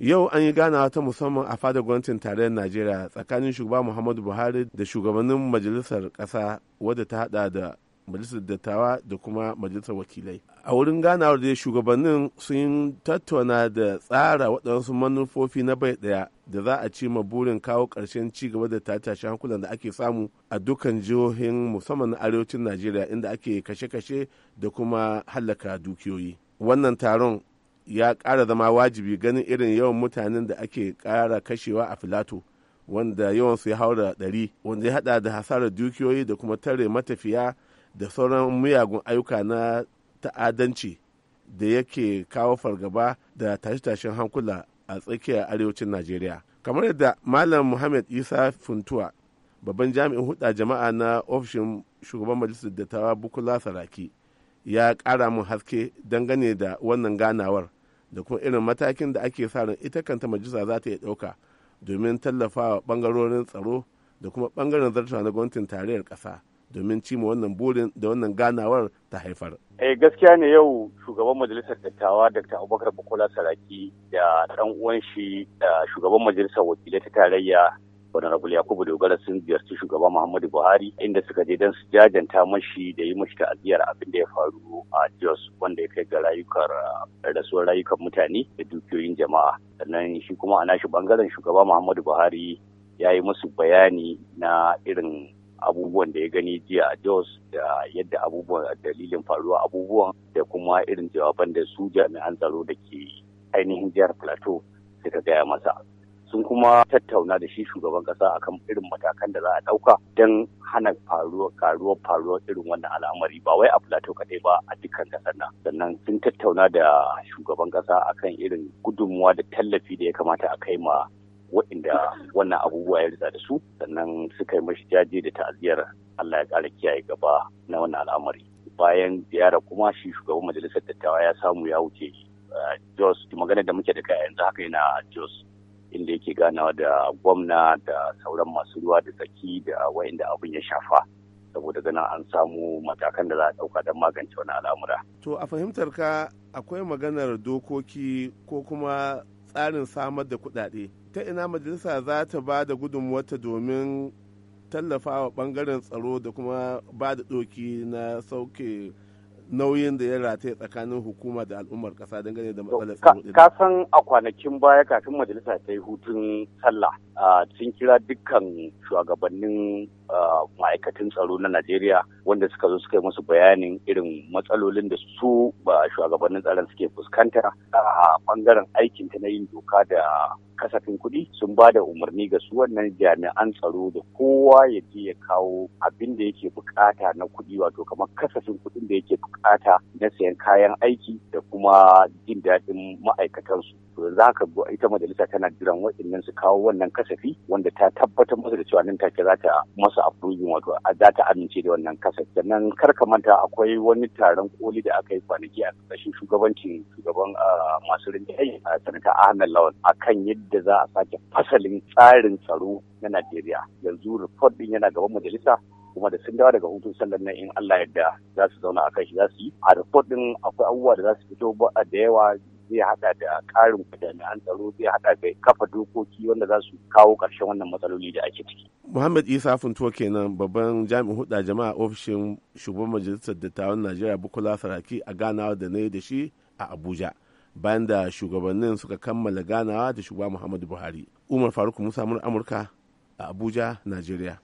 yau an yi ganawa ta musamman a fadar gwamnatin tarayyar najeriya tsakanin shugaba muhammadu buhari da shugabannin majalisar ƙasa wadda ta hada da majalisar dattawa da kuma majalisar wakilai a wurin ganawar da shugabannin sun yi tattauna da tsara waɗansu manufofi na bai ɗaya da za a ci ma burin kawo ƙarshen ci gaba da tashe hankulan da ake samu a dukkan jihohin musamman na arewacin najeriya inda ake kashe-kashe da kuma hallaka dukiyoyi wannan taron ya ƙara zama wajibi ganin irin yawan mutanen da ake ƙara kashewa a filato wanda yawansu ya haura ɗari wanda ya haɗa da hasarar dukiyoyi da kuma tare matafiya da sauran miyagun ayyuka na ta'adanci da yake kawo fargaba da tashe-tashen hankula a tsakiyar arewacin najeriya kamar yadda malam muhammad isa funtuwa babban jami'in huda jama'a na ofishin shugaban majalisar dattawa bukula saraki ya ƙara mun haske dangane da wannan ganawar da kuma irin matakin da ake sa ran ita kanta majalisa za ta iya ɗauka domin tallafa wa ɓangarorin tsaro da kuma ɓangaren zartar na gwamnatin tarayyar ƙasa domin cima wannan burin da wannan ganawar ta haifar. Eh gaskiya ne yau shugaban majalisar dattawa Dr. Abubakar Bukola Saraki da dan uwan shi da shugaban majalisar wakilai ta tarayya honorable yakubu dogara sun ziyarci shugaban muhammadu buhari inda suka je don su jajanta mashi da yi mashi ta'aziyar abin da ya faru a jos wanda ya kai ga rayukar rasuwar rayukan mutane da dukiyoyin jama'a sannan shi kuma a nashi bangaren shugaba muhammadu buhari ya yi musu bayani na irin abubuwan da ya gani jiya a Jos da yadda abubuwan dalilin faruwa abubuwan da kuma irin jawaban da su jami'an tsaro da ke ainihin jihar Plateau suka gaya masa. sun kuma tattauna da shi shugaban kasa akan irin matakan da za a ɗauka don hana faruwar karuwar faruwar irin wannan al'amari ba wai a plateau kaɗai ba a dukkan kasar nan sannan sun tattauna da shugaban kasa akan irin gudunmuwa da tallafi da ya kamata a kai ma waɗanda wannan abubuwa ya rutsa da su sannan suka yi mashi jaje da ta'aziyar Allah ya ƙara kiyaye gaba na wannan al'amari bayan ziyara kuma shi shugaban majalisar dattawa ya samu ya wuce eh, Jos magana da muke da kai yanzu haka yana Jos inda yake ganawa da gwamna da sauran masu ruwa da tsaki da wa'inda abin ya shafa saboda gana an samu matakan da za a ɗauka don magance wani al'amura. To a fahimtar ka akwai maganar dokoki ko kuma tsarin samar da kuɗaɗe. Ta ina majalisa za ta ba da gudunmuwarta domin tallafawa ɓangaren tsaro da kuma ba da ɗoki na sauke nauyin da ya rataye tsakanin hukuma da al'ummar kasa dangane da matsalar tsaro ka san a kwanakin baya kafin majalisa ta yi hutun sallah sun kira dukkan shugabannin ma'aikatan tsaro na Najeriya wanda suka zo suka yi musu bayanin irin matsalolin da su ba shugabannin tsaron suke fuskanta a bangaren aikin ta na yin doka da kasafin kuɗi sun ba da umarni ga su wannan jami'an tsaro da kowa ya je ya kawo abin da yake bukata na kuɗi wato kamar kasafin kuɗin da yake bukata na sayan kayan aiki da kuma jin daɗin ma'aikatansu to za ka ita majalisa tana jiran waɗannan su kawo wannan kasafi wanda ta tabbatar masa da cewa nan take za ta masa approving wato za ta amince da wannan kasafi sannan kar ka manta akwai wani taron koli da aka yi kwanaki a ƙarƙashin shugabancin shugaban ah, masu rinjaye a ah, sanata Ahmed Lawan akan yadda yadda za a sake fasalin tsarin tsaro na Najeriya. Yanzu report din yana gaban majalisa kuma da sun dawo daga hutun sallar nan in Allah yadda za su zauna a kan shi za su yi. A report din akwai abubuwa da za su fito da yawa zai hada da karin jami'an tsaro zai hada da kafa dokoki wanda za su kawo ƙarshen wannan matsaloli da ake ciki. Muhammad Isa Funtuwa kenan babban jami'in huda jama'a ofishin shugaban majalisar dattawan Najeriya Bukola Saraki a ganawa da na da shi a Abuja. bayan da shugabannin suka kammala ganawa da shugaba muhammadu buhari umar faruk musa amurka a abuja najeriya